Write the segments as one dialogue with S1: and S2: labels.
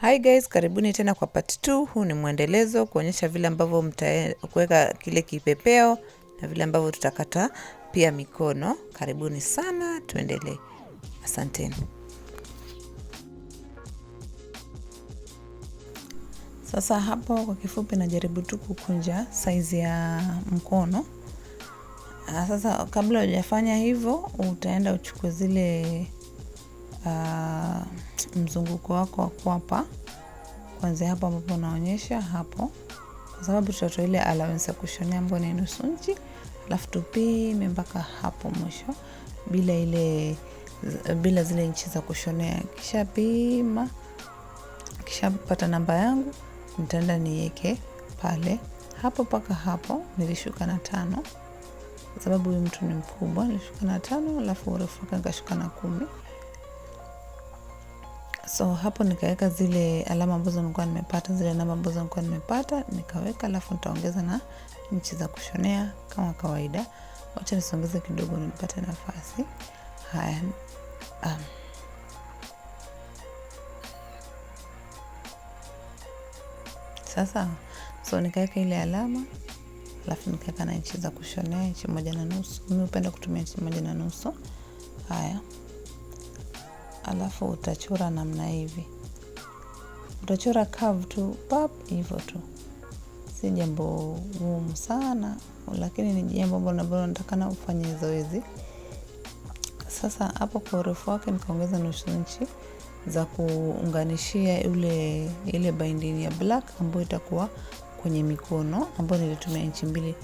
S1: Hi guys, karibuni tena kwa part 2. Huu ni mwendelezo kuonyesha vile ambavyo mtaweka kile kipepeo na vile ambavyo tutakata pia mikono. Karibuni sana, tuendelee. Asanteni. Sasa hapo kwa kifupi najaribu tu kukunja saizi ya mkono. Ah, sasa kabla hujafanya hivyo, utaenda uchukue zile uh, mzunguko wako wa kuapa kuanzia hapo ambapo unaonyesha hapo, kwa sababu tutatoa ile allowance ya kushonea ambayo ni nusu nchi, alafu tupime mpaka hapo mwisho bila ile bila zile nchi za kushonea. Kisha pima, kisha pata namba yangu, nitaenda niweke pale hapo. Mpaka hapo nilishuka na tano, kwa sababu huyu mtu ni mkubwa, nilishuka na tano, alafu urefu wake nikashuka na kumi so hapo nikaweka zile alama ambazo nilikuwa nimepata, zile namba ambazo nilikuwa nimepata nikaweka, alafu nitaongeza na nchi za kushonea kama kawaida. Wacha nisongeze kidogo nipate nafasi. Haya, um. Sasa so nikaweka ile alama alafu nikaweka na nchi za kushonea, nchi moja na nusu. Mi hupenda kutumia nchi moja na nusu. Haya alafu utachora namna hivi, utachora curve tu pap hivyo tu, si jambo gumu sana, lakini ni jambo ambalo natakana ufanye zoezi. Sasa hapo kwa urefu wake nikaongeza nusu nchi za kuunganishia ule ile binding ya black ambayo itakuwa kwenye mikono ambayo nilitumia inchi mbili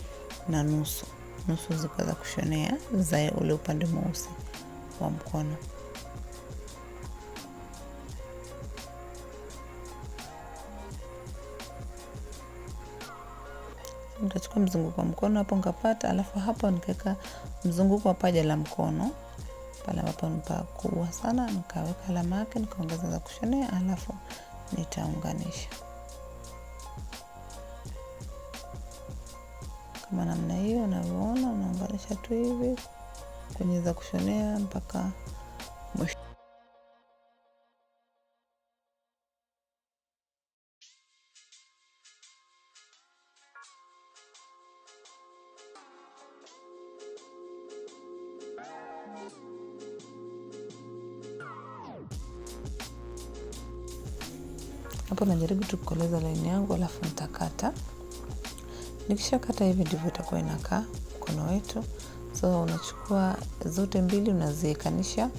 S1: na nusu nusu zikaweza kushonea za ule upande mweusi wa mkono. nitachukua mzunguko wa mkono hapo nikapata, alafu hapo nikaweka mzunguko wa paja la mkono pale ambapo ni pakubwa sana, nikaweka alama yake, nikaongeza za kushonea, alafu nitaunganisha kama namna hiyo unavyoona, unaunganisha tu hivi kwenye za kushonea mpaka mwisho. hapo najaribu tukukoleza laini yangu alafu nitakata. kata hivi ndivyo itakuwa inakaa mkono wetu. So unachukua zote mbili unaziekanisha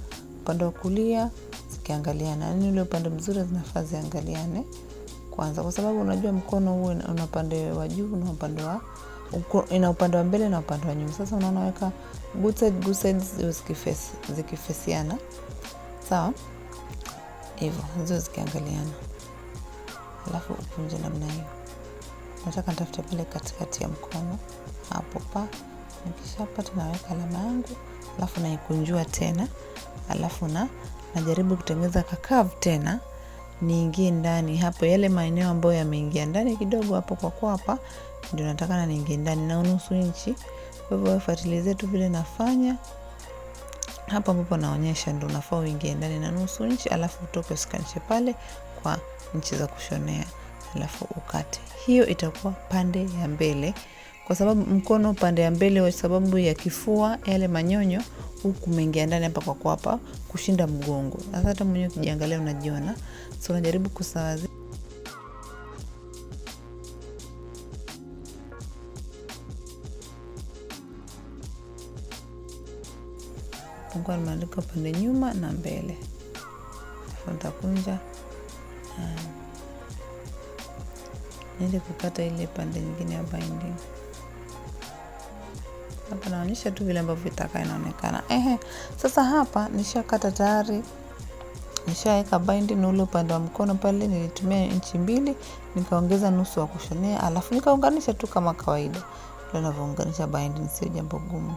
S1: upande wa kulia zikiangaliana, yani ule upande mzuri zinafaa ziangaliane kwanza, kwa sababu unajua mkono huo una upande wa juu na upande wa ina upande wa mbele na upande wa nyuma. Sasa unaona weka zikifesiana, sawa hivyo, hizo zikiangaliana alafu ukunje namna hiyo. Nataka nitafute pale katikati ya mkono hapo pa, nikishapata naweka alama yangu, alafu naikunjua tena, alafu na najaribu kutengeneza kakavu tena niingie ndani hapo, yale maeneo ambayo yameingia ndani kidogo hapo kwa kwapa, ndio nataka na niingie ndani na unusu inchi. Kwa hivyo fuatilizie tu vile nafanya hapo ambapo naonyesha, ndio unafaa uingie ndani na nusu inchi, alafu utoke usikanishe pale kwa nchi za kushonea alafu ukate. Hiyo itakuwa pande ya mbele, kwa sababu mkono pande ya mbele, kwa sababu ya kifua, yale manyonyo huku mengia ndani hapa kwa kwapa kushinda mgongo. Sasa hata mwenyewe ukijiangalia unajiona, so unajaribu kusawazisha nimeandika pande nyuma na mbele, nitakunja niende kukata ile pande nyingine ya binding. Hapa naonyesha tu vile ambavyo itakaa inaonekana. Ehe, sasa hapa nishakata tayari, nishaweka binding ule upande wa mkono pale nilitumia inchi mbili nikaongeza nusu wa kushonea, alafu nikaunganisha tu kama kawaida. Ndio navyounganisha binding, sio jambo gumu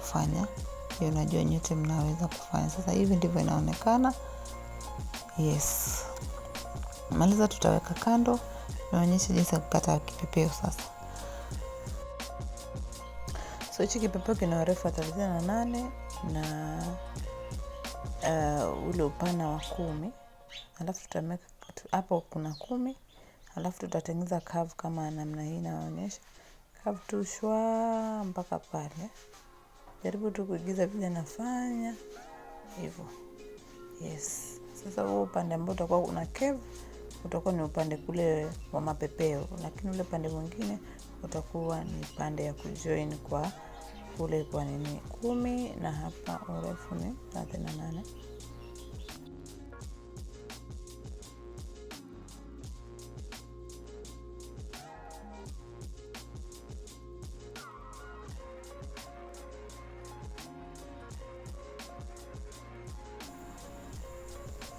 S1: kufanya hiyo, najua nyote mnaweza kufanya. Sasa hivi ndivyo inaonekana. Yes maliza tutaweka kando naonyesha jinsi ya kukata kipepeo sasa so hichi kipepeo kina urefu wa thelathini na nane na uh, ule upana wa kumi alafu tutameka hapo kuna kumi alafu tutatengeneza curve kama namna hii naonyesha curve tu shwa mpaka pale jaribu tu kuigiza vile nafanya hivyo yes sasa huo upande ambao utakuwa una curve utakuwa ni upande kule wa mapepeo, lakini ule upande mwingine utakuwa ni pande ya kujoin kwa kule kwa nini kumi, na hapa urefu ni 38.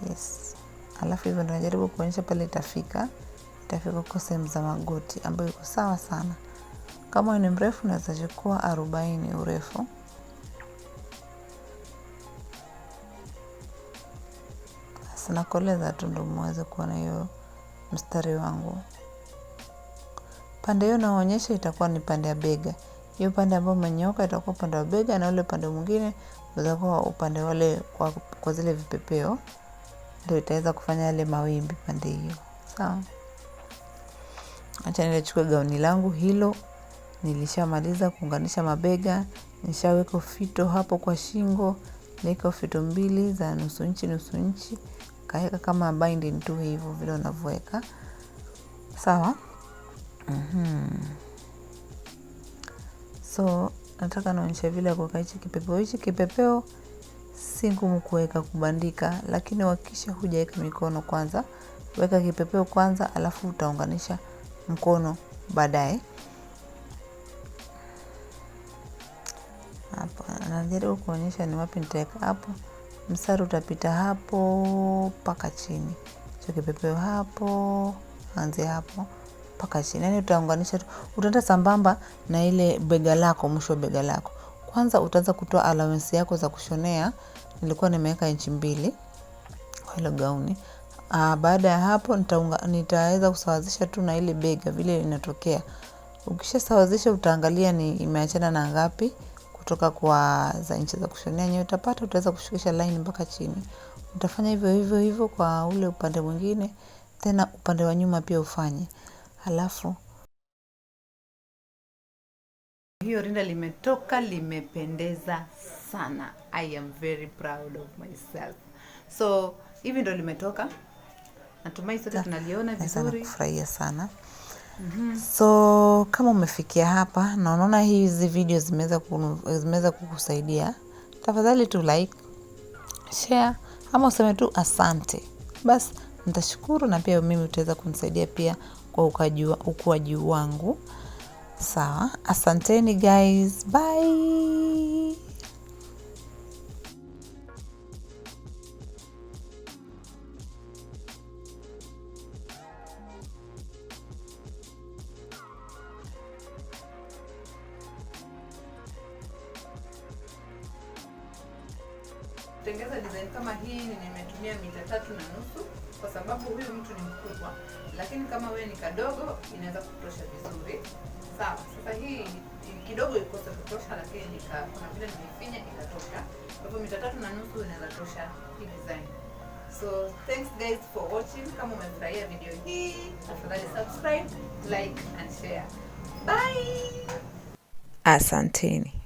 S1: Yes alafu hivyo ndo najaribu kuonyesha pale itafika itafika kwa sehemu za magoti ambayo iko sawa sana. Kama ni mrefu naweza chukua arobaini urefu sinakoleza tu ndo mweze kuona hiyo mstari wangu. Pande hiyo naonyesha itakuwa ni pande ya bega. Hiyo pande ambayo umenyoka itakuwa upande wa bega, na ule upande mwingine utakuwa upande wale kwa, kwa zile vipepeo ndio itaweza kufanya yale mawimbi pande hiyo sawa acha nilichukua gauni langu hilo nilishamaliza kuunganisha mabega nishaweka fito hapo kwa shingo niko fito mbili za nusu nchi nusu nchi kaweka kama binding tu hivyo vile unavyoweka sawa mm -hmm. so nataka naonyesha vile ya kuweka hichi kipepeo hichi kipepeo si ngumu kuweka kubandika, lakini hakikisha hujaweka mikono kwanza. Weka kipepeo kwanza, alafu utaunganisha mkono baadaye. Hapo najaribu kuonyesha ni wapi nitaweka. Hapo mstari utapita hapo mpaka chini, cho kipepeo hapo, anze hapo mpaka chini, yaani utaunganisha tu, utaenda sambamba na ile bega lako, mwisho wa bega lako. Kwanza utaanza kutoa allowance yako za kushonea, nilikuwa nimeweka inchi mbili kwa hilo gauni. Ah, baada ya hapo nitaweza kusawazisha tu na ile bega vile inatokea. Ukishasawazisha utaangalia ni imeachana na ngapi kutoka kwa za inchi za kushonea nyewe, utapata utaweza kushukisha line mpaka chini. Utafanya hivyo hivyo hivyo kwa ule upande mwingine, tena upande wa nyuma pia ufanye. Halafu,
S2: hiyo rinda limetoka limependeza sana. I am very proud of myself. So hivi ndo limetoka, natumai sote tunaliona vizuri,
S1: sana. Mm -hmm. So kama umefikia hapa na unaona hizi video zimeweza kukusaidia, tafadhali tu like, share ama useme tu asante, basi nitashukuru, na pia mimi utaweza kunisaidia pia kwa ukuaji wangu sawa asanteni guys bye
S2: tengeza design kama hii nimetumia mita tatu na nusu kwa sababu huyu mtu ni mkubwa, lakini kama wewe ni kadogo inaweza kutosha vizuri. Sawa, sasa hii kidogo ikosa kutosha, lakini kuna vile nimefinya ikatosha. Kwa hivyo mita tatu na nusu inaweza tosha hii design. So thanks guys for watching. Kama umefurahia video hii, tafadhali subscribe, like and share. Bye.
S1: Asanteni.